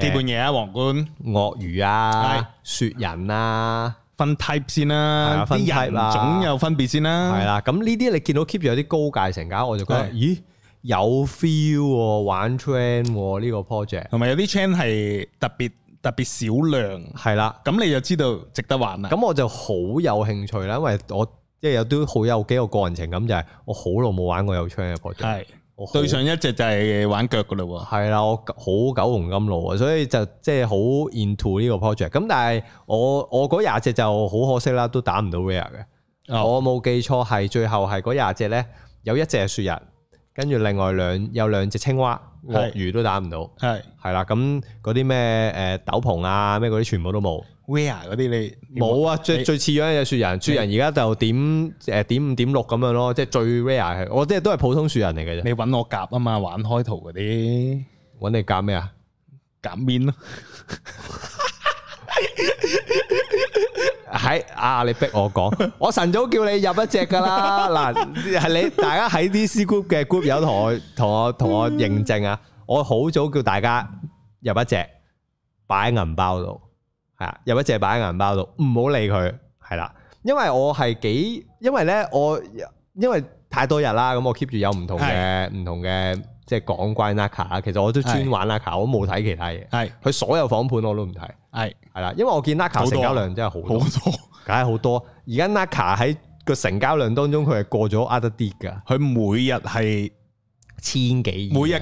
[SPEAKER 1] 基本嘢啊，皇冠、鱷魚啊、雪人啊，分 type 先啦，分 type 啦，總有分別先啦，係啦，咁呢啲你見到 keep 住有啲高價成交，我就覺得咦？有 feel 玩 train 呢個 project，同埋有啲 train 係特別特別少量，係啦的，咁你就知道值得玩啦。咁我就好有興趣啦，因為我即係有都好有幾個個人情感就係、是、我好耐冇玩過有 train 嘅 project，係是很對上一隻就係玩腳噶啦喎，係啦，我好九龍金路啊，所以就即係好 into 呢個 project。咁但係我我嗰廿隻就好可惜啦，都打唔到 rare 嘅，哦、我冇記錯係最後係嗰廿隻咧有一隻係雪人。跟住另外兩有兩隻青蛙，鱷是魚都打唔到，係係啦，咁嗰啲咩誒斗篷啊咩嗰啲全部都冇 rare 嗰啲你冇啊，你最最似樣嘅雪人，雪人而家就點誒、呃、點五點六咁樣咯，即係最 rare，我即係都係普通雪人嚟嘅啫。你揾我夾啊嘛，玩開圖嗰啲，揾你夾咩啊？夾面咯。 喺啊！你逼我講， 我晨早叫你入一隻㗎喇。嗱，係你大家喺 DC Group 嘅 group 友同我同我同我認證啊！我好早叫大家入一隻，擺喺銀包度，係啊，入一隻擺喺銀包度，唔好理佢，係啦。因為我係幾，因為咧我因為太多日啦，咁我 keep 住有唔同嘅唔同嘅。即係講怪 Naka 啊！其實我都專玩 Naka 我冇睇其他嘢。係佢所有仿盤我都唔睇。係係啦，因為我見 Naka 成交量真係好多，好多，梗係好多。而家 Naka 喺個成交量當中，佢係過咗 Otherdeed 㗎。佢每日係千幾，每日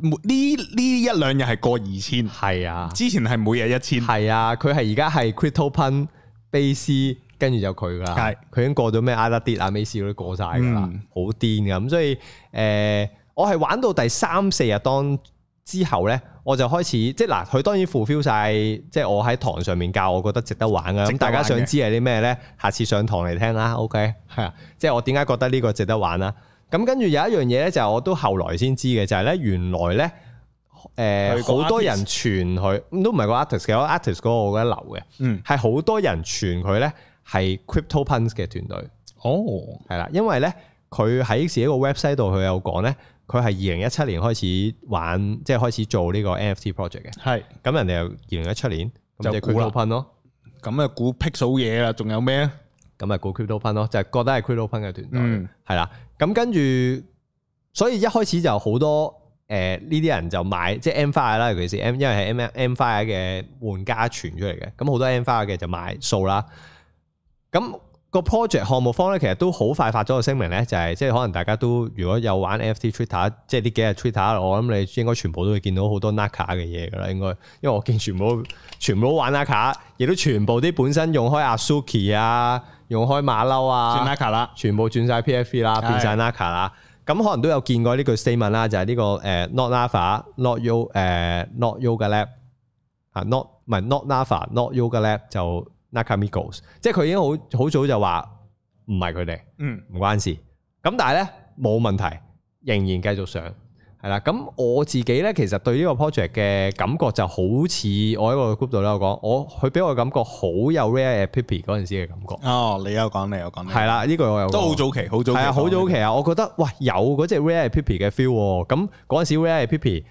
[SPEAKER 1] 呢呢一兩日係過二千。係啊，之前係每日一千。係啊，佢係而家係 Crypto Punk BAYC，跟住就佢㗎。係佢已經過咗咩 Otherdeed 啊，MAYC 都過晒㗎啦，好癲㗎。咁所以誒。我係玩到第三四日當之後咧，我就開始即嗱，佢當然 fulfill 曬，即、就是、我喺堂上面教我，我覺得值得玩啊！咁大家想知係啲咩咧？下次上堂嚟聽啦，OK，係啊的，即我點解覺得呢個值得玩啦？咁跟住有一樣嘢咧，就我都後來先知嘅，就係、是、咧原來咧，誒、呃、好多人傳佢都唔係個 artist，嘅，我 artist 嗰個我覺得流嘅，嗯，係好多人傳佢咧係 CryptoPunks 嘅團隊，哦，係啦，因為咧佢喺自己個 website 度佢有講咧。佢係二零一七年開始玩，即係開始做呢個 NFT project 嘅。係，咁人哋又二零一七年就 CryptoPen 咯。咁啊，估 Pixel 嘢啦，仲有咩啊？咁啊，估 CryptoPen 咯，就係覺得係 CryptoPen 嘅團隊，係啦。咁跟住，所以一開始就好多誒呢啲人就買，即係 m Fire 啦，尤其是 M，因為係 M M Fire 嘅玩家傳出嚟嘅。咁好多 m Fire 嘅就買數啦。咁。個 project 項目方咧，其實都好快發咗個聲明咧，就係即係可能大家都如果有玩 NFT Twitter，即係呢幾日 Twitter，我諗你應該全部都會見到好多 Naka 嘅嘢㗎啦，應該，因為我見全部全部都玩 Naka 亦都全部啲本身用開 Azuki 啊，用開馬騮啊，轉 Naka 啦，全部轉晒 PFP 啦，變晒 Naka 啦，咁是的 可能都有見過呢句 statement 啦，就係呢個誒 Not Nava Not Yo 誒 Not Yuga Lab 啊 Not 唔係 Not Nava Not Yuga Lab 就。Nakamigos，即係佢已經好好早就話唔係佢哋，嗯，唔關事。咁但係咧冇問題，仍然繼續上，係啦。咁我自己咧其實對呢個 project 嘅感覺就好似我喺個 group 度咧，我講我佢俾我感覺好有 Rare Puppy 嗰陣時嘅感覺。哦，你有講，你有講，係啦，呢個我有都好早期，好早期，係啊，好早期啊，我覺得喂有嗰隻 Rare Puppy 嘅 feel 喎。咁嗰陣時 Rare Puppy。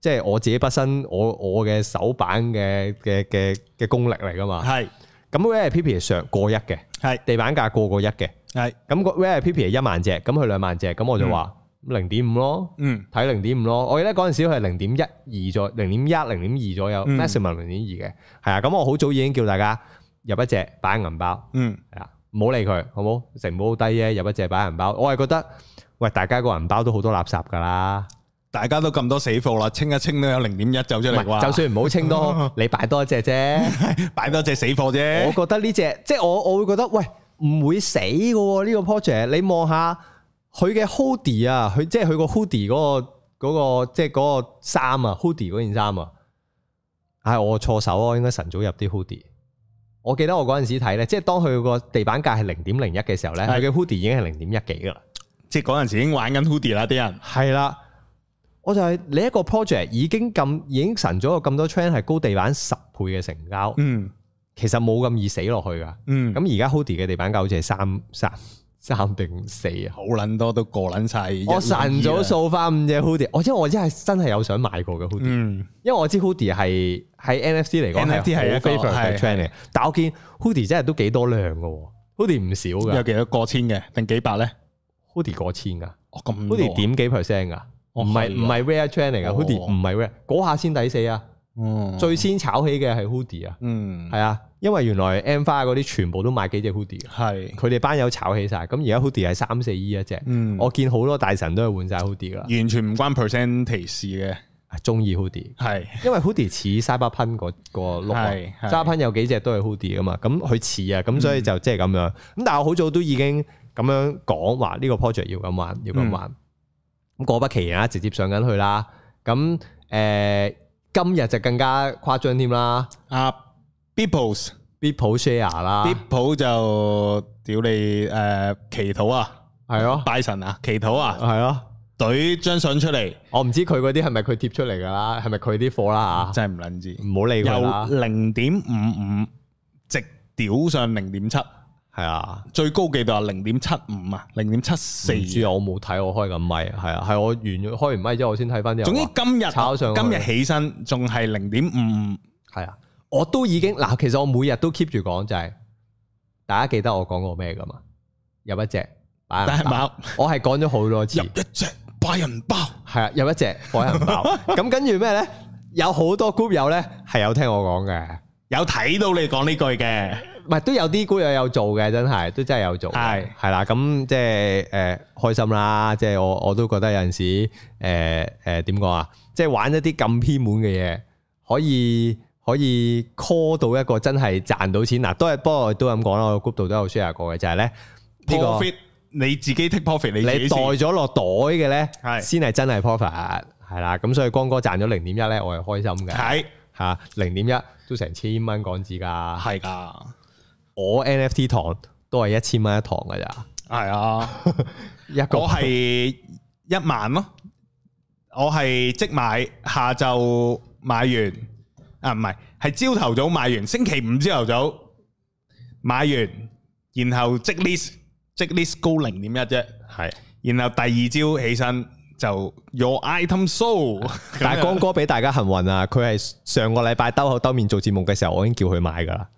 [SPEAKER 1] 即係我自己本身，我我嘅手板嘅嘅嘅嘅功力嚟噶嘛？係咁，Air Pipi 係上過一嘅，係地板價過過一嘅，係咁個 Air Pipi 係一萬隻，咁佢兩萬隻，咁我就話、嗯、零點五咯，嗯，睇零點五咯。我記得嗰陣時係零點一二左，零點一零點二左右，maximum 零點二嘅，係啊、嗯。咁我好早已經叫大家入一隻擺銀包，嗯，係啊，唔好理佢，好冇？成本好低咧，入一隻擺銀包，我係覺得喂，大家個銀包都好多垃圾噶啦。大家都咁多死貨啦，清一清都有零點一走出嚟喎！就算唔好清多， 你擺多一隻啫，擺 多隻死貨啫。我覺得呢隻，即係我我會覺得，喂唔會死噶呢個 project。你望下佢嘅 hoodie 啊，佢即係佢個 hoodie 嗰個嗰個即係嗰個衫啊，hoodie 嗰件衫啊。唉，我錯手啊，應該晨早入啲 hoodie。我記得我嗰陣時睇咧，即係當佢個地板價係零點零一嘅時候咧，佢嘅 hoodie 已經係零點一幾噶啦。即係嗰陣時已經玩緊 hoodie 啦，啲人係啦。 我就係你一個 project 已經咁已經神咗咁多 trend 係高地板十倍嘅成交，嗯，其實冇咁易死落去噶，嗯，咁而家 Hoodie 嘅地板價好似係三三三定四啊，好捻多都過捻晒，我神咗數翻五隻 Hoodie，我知我真係真係有想買過嘅 Hoodie，因為我知 Hoodie 係喺 NFT 嚟講係好非常嘅 trend 嚟，但我見 Hoodie 真係都幾多量噶，Hoodie 唔少噶，有幾多過千嘅定幾百咧？Hoodie 過千噶，哦咁，Hoodie 點幾 percent 噶？唔係唔係 Rare Chain 嚟噶，Hoodie 唔係 Rare，嗰下先抵死啊！嗯，最先炒起嘅係 Hoodie 啊，嗯，係啊，因為原來 M 花嗰啲全部都買幾隻 Hoodie 係，佢哋班友炒起晒，咁而家 Hoodie 係三四 E 一隻，我見好多大神都係換晒 Hoodie 啦，完全唔關 Percentage 事嘅，啊，中意 Hoodie，係，因為 Hoodie 似沙巴噴嗰個 look 沙巴噴有幾隻都係 Hoodie 噶嘛，咁佢似啊，咁所以就即係咁樣，咁但係我好早都已經咁樣講話呢個 project 要咁玩，要咁玩。咁果不其然啦、啊，直接上緊去啦。咁誒、呃，今日就更加誇張添啦。啊、uh，Beeple，Beeple share 啦，Beeple 就屌你誒、呃、祈禱啊，係咯、啊，拜神啊，祈禱啊，係咯、啊，攞張相出嚟。我唔知佢嗰啲係咪佢貼出嚟㗎啦，係咪佢啲貨啦？真係唔撚知，唔好理佢啦。由零點五五直屌上零點七。係啊，最高記錄係零點七五啊，零點七四。唔知我冇睇我開緊咪，係啊，係我完開完咪之後，我先睇翻啲。總之今日炒上、啊，今日起身仲係零點五，係啊，我都已經嗱，其實我每日都 keep 住講就係、是，大家記得我講過咩㗎嘛，一隻但有一隻拜仁包我係講咗好多次，入一隻拜仁包，係啊，有一隻拜仁包。咁 跟住咩咧？有好多 group 友咧係有聽我講嘅，有睇到你講呢句嘅。唔係都有啲股又有做嘅，真係都真係有做嘅，係係啦。咁即係誒開心啦。即係我我都覺得有陣時誒誒點講啊？即係玩一啲咁偏門嘅嘢，可以可以 call 到一個真係賺到錢嗱，啊。都係不過都咁講啦，我 group 度都有 share 過嘅就係咧，profit，你自己 take profit 你你袋咗落袋嘅咧，先係的真係 profit 係啦。咁所以光哥賺咗零點一咧，我係開心嘅。係吓，零點一都成千蚊港紙㗎，係㗎。的的我 NFT 堂都係一千蚊一堂噶咋？係啊，一個我係一萬咯、啊。我係即買下晝買完啊，唔係係朝頭早買完，星期五朝頭早買完，然後即 list 即 list 高零點一啫。係、啊，然後第二朝起身就 your item sold。但係光哥俾大家幸運啊，佢係 上個禮拜兜口兜面做節目嘅時候，我已經叫佢買噶啦。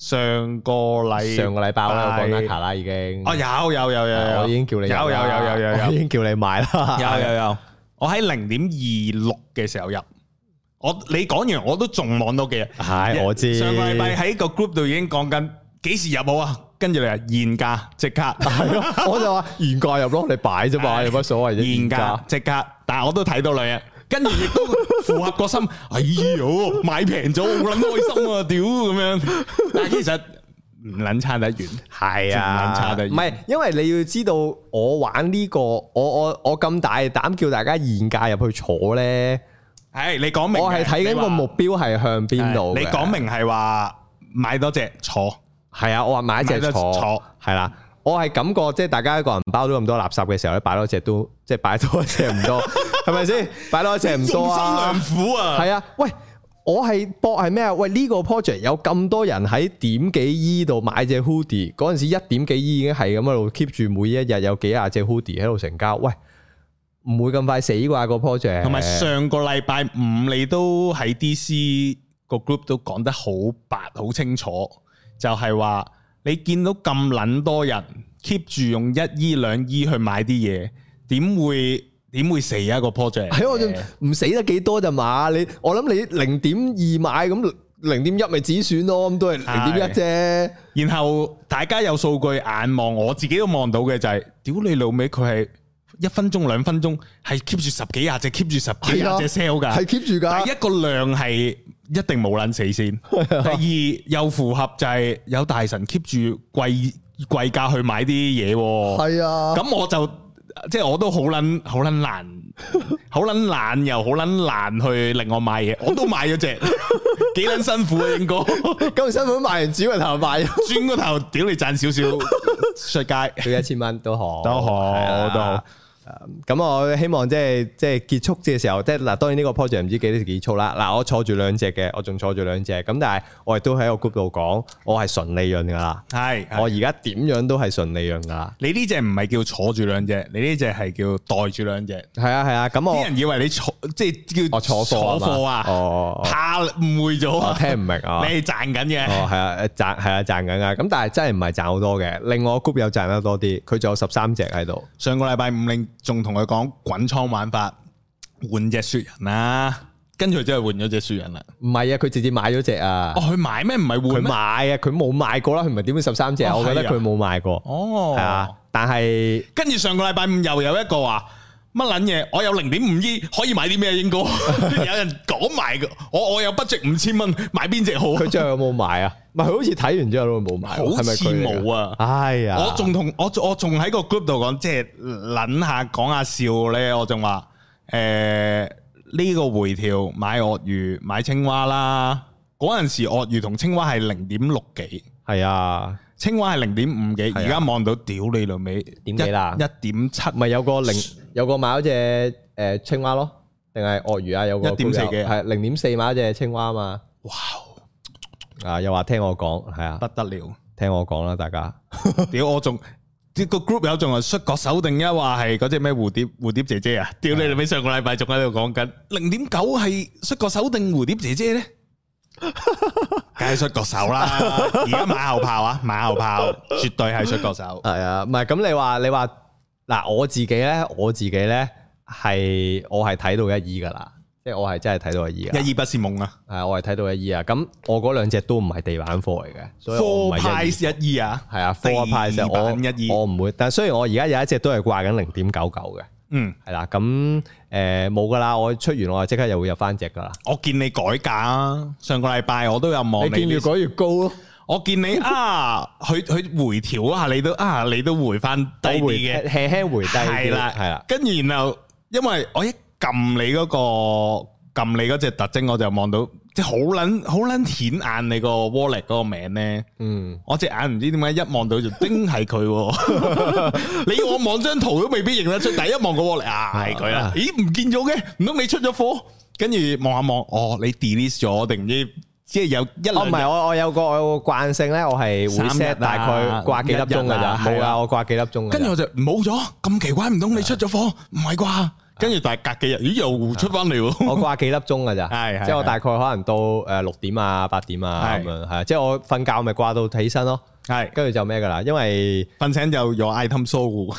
[SPEAKER 1] 上個禮上個禮拜咧，我講緊卡啦已經，哦有有有有，我已經叫你有有有有有，我已經叫你買啦，有有有，我喺零點二六嘅時候入，我你講完我都仲望到幾日，係我知。上個禮拜喺個 group 度已經講緊，幾時入冇啊？跟住你話，現價即刻，我就話現價入咯，你擺啫嘛，有乜所謂啫？現價即刻，但係我都睇到你啊。跟住亦都符合個心，哎呦，買平咗好撚開心啊！屌咁樣，但其實唔撚差得遠，係啊，唔撚差得遠，唔係因為你要知道，我玩呢個，我我我咁大膽叫大家現價入去坐咧，係你講明，我係睇緊個目標係向邊度，你講明係話買多隻坐，係啊，我話買一隻坐坐，係啦坐。我係感覺即係大家一個人包咗咁多垃圾嘅時候，咧擺多隻都即係擺多隻唔多，係咪先？擺多隻唔多啊！用心良苦啊！係啊！喂，我係博係咩啊？喂，呢個 project 有咁多人喺點幾依度買隻 hoodie，嗰陣時一點幾依已經係咁一路 keep 住，每一日有幾廿隻 hoodie 喺度成交。喂，唔會咁快死啩個 project？同埋上個禮拜五你都喺 DC 個 group 都講得好白好清楚，就係話。你見到咁撚多人 keep 住用一 E 兩 E 去買啲嘢，點會點會死呀個 project？係我唔死得幾多咋嘛？你我諗你零點二買咁零點一咪止損咯，咁多人零點一啫。然後大家有數據眼望，我自己都望到嘅就係、是， 屌你老味，佢係一分鐘兩分鐘係 keep 住十幾廿隻，keep 住十幾廿隻 sale 噶，係 keep 住噶。第一個量係。一定冇撚死先。的第二又符合就係有大神 keep 住貴貴價去買啲嘢。係啊的，咁我就即係我都好撚好撚懶，好撚懶又好撚懶去令我買嘢。我都買咗隻，幾撚辛苦啊應該。咁 辛苦買完頭賣，轉個頭賣，轉個頭屌你賺少少出街，要一千蚊都好，都好的都好。咁我希望即係即係結束嘅時候，即係嗱，當然呢個 project 唔知幾多時結束啦。嗱，我坐住兩隻嘅，我仲坐住兩隻，咁但係我亦都喺個 group 度講，是是是我係純利潤噶啦，係我而家點樣都係純利潤噶啦。你呢隻唔係叫坐住兩隻，你呢隻係叫袋住兩隻。係啊係啊，咁我啲人以為你坐即係叫我坐貨啊？哦，怕誤會咗。我聽唔明啊。 你係賺緊嘅。哦係啊，賺係啊賺緊噶，咁、啊、但係真係唔係賺好多嘅。另外個 group 又賺得多啲，佢仲有十三隻喺度。上個禮拜五零。仲同佢講滾倉玩法，換隻雪人啦、啊，跟住佢真係換咗隻雪人啦。唔係啊，佢直接買咗隻啊。哦，佢買咩？唔係換。佢買啊，佢冇買過啦。佢唔係點樣十三隻啊，哦啊，我覺得佢冇買過。哦，係啊。但係跟住上個禮拜五又有一個啊。乜捻嘢？我有零點五億可以買啲咩？應該有人講埋嘅。我我有筆值五千蚊，買邊隻好？佢最後有冇買啊？唔係，佢好似睇完之後都冇買，係咪佢？冇啊！啊是是哎呀我，我仲同我我仲喺個 group 度講，即係捻下講下笑咧。我仲話誒，呢、欸這個回調買鱷魚、買青蛙啦。嗰陣時鱷魚同青蛙係零點六幾，係是啊，青蛙係零點五幾。而家望到屌你老味，點幾啦？一點七，咪有個零。有個買嗰隻誒青蛙咯，定係鱷魚啊？有個一點四嘅係零點四買一隻青蛙嘛？哇！啊，又話聽我講係啊，不得了，聽我講啦，大家屌我仲啲個 group 友仲係摔角手定一話係嗰隻咩蝴蝶蝴蝶姐姐啊？屌你你俾上個禮拜仲喺度講緊零點九係摔角手定蝴蝶姐姐咧？梗係摔角手啦，而家馬後炮啊，馬後炮絕對係摔角手，係啊，唔係咁你話你話。嗱我自己咧，我自己咧係我係睇到一二噶啦，即係我係真係睇到一二啊！一二不是夢啊係！係我係睇到一二啊！咁我嗰兩隻都唔係地板貨嚟嘅，貨派一二啊，係啊，貨派就我唔一二，我唔會。但係雖然我而家有一隻都係掛緊零點九九嘅，嗯、啊，係啦，咁誒冇噶啦，我出完我即刻又會入翻隻噶啦。我見你改價，上個禮拜我都有望，你見越改越高。越我見你啊，佢佢回調一下，你都啊，你都回翻低啲嘅，輕輕回低。係啦，係啦。跟住然後，因為我一撳你嗰個撳你嗰隻特徵，我就望到即係好捻好捻顯眼你個 wallet 嗰個名咧。嗯，我隻眼唔知點解一望到就盯係佢。你我望張圖都未必認得出，第一望個 wallet 啊，係佢啦。咦，唔見咗嘅，唔通你出咗貨？跟住望下望，哦，你 delete 咗定唔知？即係有一，哦唔係，我我有個有個慣性咧，我係會 set 大概掛幾粒鐘噶咋，冇啊，我掛幾粒鐘。跟住我就冇咗，咁奇怪，唔通你出咗貨？唔係啩？跟住但係隔幾日，咦又出翻嚟喎？我掛幾粒鐘噶咋？係，即係我大概可能到誒六點啊八點啊咁樣係，即係我瞓覺咪掛到睇起身咯。係，跟住就咩噶啦？因為瞓醒就有 item show，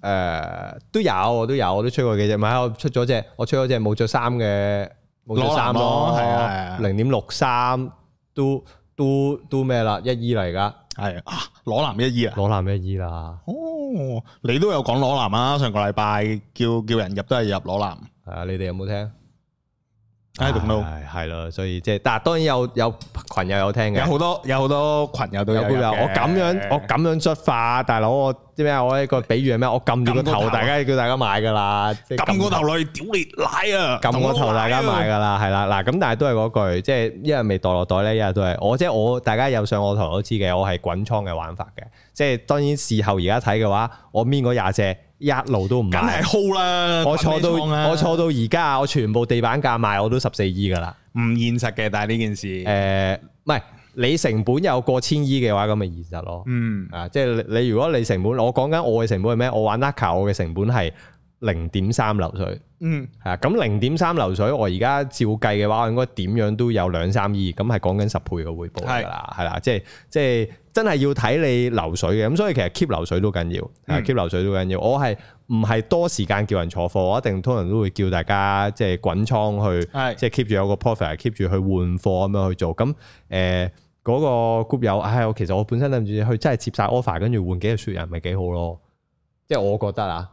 [SPEAKER 1] 誒都有都有，我都出過幾隻，唔係我出咗隻，我出咗隻冇着衫嘅。冇攞三咯，係啊，是啊 63, do, do, do，零點六三都都都咩啦？1E 嚟㗎，係啊，裸男 1E 啊，裸男 1E 啦，哦，你都有講裸男啊？上個禮拜叫叫人入都係入裸男，啊，你哋有冇聽？係，係咯，所以即係，但係當然有有群友有聽嘅，有好多有好多群友都有。我咁樣我咁樣出發，大佬我知咩啊？我呢個比喻係咩？我撳住個頭，大家叫大家買噶啦，撳個頭落去屌你奶啊！撳個頭大家買噶啦，係啦嗱。咁但係都係嗰句，即係一日未袋落袋咧，一日都係我即係我。大家有上我台都知嘅，我係滾倉嘅玩法嘅。即係當然事後而家睇嘅話，我搣個廿隻。一路都唔，梗係好啦。我坐到、啊、我坐到而家，我全部地板價賣我都十四億噶啦，唔現實嘅。但係呢件事，誒、呃，唔係你成本有過千億嘅話，咁咪現實咯。嗯，啊，即係你如果你成本，我講緊我嘅成本係咩？我玩 Naka，我嘅成本係零點三流水。嗯，嗯，係啊、嗯，咁零點三流水，我而家照計嘅話，我應該點樣都有兩三二。咁係講緊十倍嘅回報㗎啦，係啦是，即係即係真係要睇你流水嘅，咁所以其實 keep 流水都緊要，係、嗯、keep 流水都緊要。我係唔係多時間叫人坐貨，我一定通常都會叫大家即係、就是、滾倉去，即係是 keep 住有個 profit，keep 住去換貨咁樣去做。咁誒嗰個 group 友，唉、哎，我其實我本身諗住去真係接晒 offer，跟住換幾隻雪人，咪幾好咯，即係我覺得啊。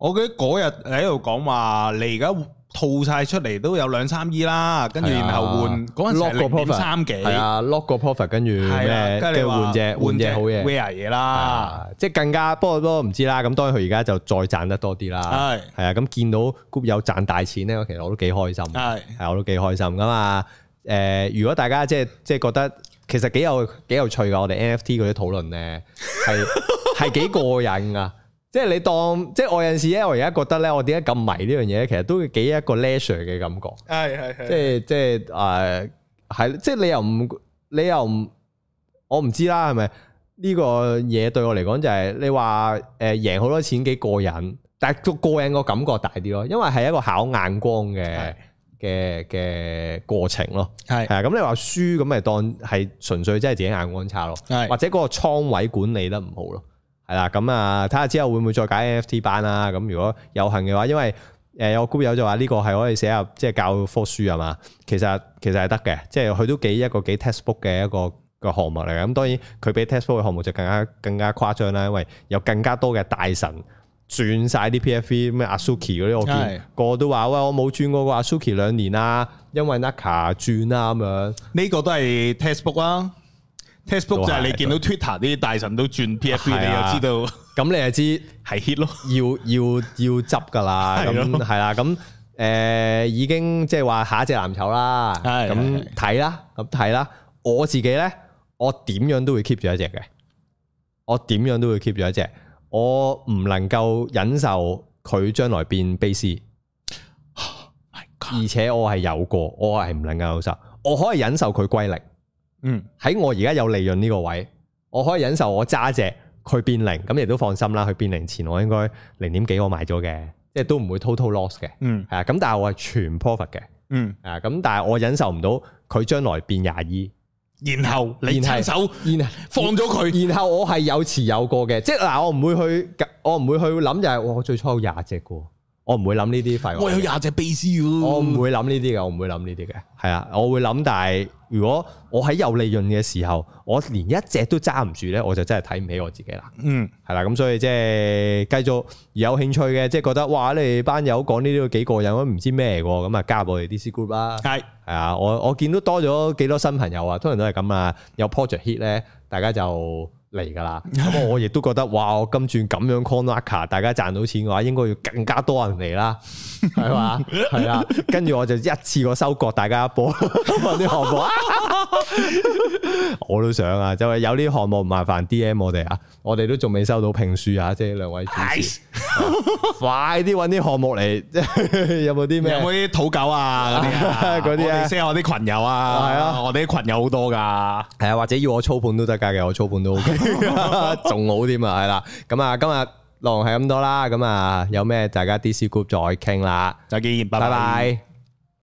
[SPEAKER 1] 我記得嗰日喺度講話，你而家套曬出嚟都有兩三億啦，跟住然後換嗰陣係六點三幾，係啊，lock 個 profit，跟住咩嘅換隻換隻好嘢，嘅嘢啦，即係更加不過不過唔知啦。咁當然佢而家就再賺得多啲啦，係係啊。咁見到 group 有賺大錢咧，其實我都幾開心，係係我都幾開心噶嘛。誒，如果大家即係即係覺得其實幾有幾有趣嘅，我哋 NFT 嗰啲討論咧係係幾過癮噶。即係你當，即係我有陣時咧，我而家覺得咧，我點解咁迷呢樣嘢，其實都幾一個 leisure 嘅感覺，係係係，即係即係誒，係即係你又唔，你又唔，我唔知啦，係咪呢個嘢對我嚟講就係你話誒贏好多錢幾過癮，但係個過癮個感覺大啲咯，因為係一個考眼光嘅嘅嘅過程咯，係係，咁你話輸咁咪當係純粹即係自己眼光差咯，的或者嗰個倉位管理得唔好咯。係啦，咁啊、嗯，睇下之後會唔會再解 NFT 班啊？咁如果有幸嘅話，因為誒，我姑友就話呢個係可以寫入即係教科書啊嘛。其實其實係得嘅，即係佢都幾一個幾 textbook 嘅一個個項目嚟嘅。咁當然佢比 textbook 嘅項目就更加更加誇張啦，因為有更加多嘅大神轉晒啲 PFP 咩阿 Suki 嗰啲，v，我見是的 個都話喂，我冇轉過個阿 Suki 兩年啊，因為 Naka 轉啦咁樣，呢個都係 textbook 啊。Facebook 是就係你見到 Twitter 呢啲大神都轉 PFP，的你就知道，咁的 你就知係 hit 咯，要要要執噶啦，咁係啦，咁誒、呃、已經即係話下一隻藍籌啦，咁睇啦，咁睇啦，我自己咧，我點樣都會 keep 住一隻嘅，我點樣都會 keep 住一隻，我唔能夠忍受佢將來變悲師，oh、my 而且我係有過，我係唔能夠忍受，我可以忍受佢歸零。嗯，喺我而家有利潤呢個位，我可以忍受我揸隻佢變零，咁你都放心啦。佢變零前我應該零點幾我買咗嘅，即係都唔會 total loss 嘅。嗯，係啊。咁但係我係全 profit 嘅。嗯，啊，咁但係我忍受唔到佢將來變廿二，然後你親手，然後放咗佢，然後我係有持有過嘅，即係嗱，我唔會去，我唔會去諗就係、是、我最初有廿隻嘅。我唔會諗呢啲廢話我我。我有廿隻 basis 嘅。我唔會諗呢啲嘅，我唔會諗呢啲嘅。係啊，我會諗，但係如果我喺有利潤嘅時候，我連一隻都揸唔住咧，我就真係睇唔起我自己啦。嗯，係啦，咁所以即係繼續有興趣嘅，即係覺得哇，你班友講呢啲幾過癮，唔知咩嘅咁啊，加我哋 DC group 啦。係係啊，我我見到多咗幾多新朋友啊，通常都係咁啊。有 project hit 咧，大家就。嚟噶啦，咁我亦都覺得，哇！我今轉咁樣 connect，大家賺到錢嘅話，應該要更加多人嚟啦。係嘛，係啦，跟住 我就一次過收割大家一波，揾啲項目 我都想啊，就係、是、有啲項目唔麻煩 DM 我哋啊，我哋都仲未收到評書啊，即係兩位主持， 啊、快啲揾啲項目嚟，即係 有冇啲咩？有冇啲土狗啊？嗰啲啊？嗰啲、 啊？我我啲群友啊，係啊，啊，我哋啲群友好多噶，係啊，或者要我操盤都得噶，我操盤都 OK，仲好添啊，係啦，咁 啊，今日。今浪係咁多啦，咁啊有咩大家 DC Group 再傾啦，再見，拜拜。拜拜。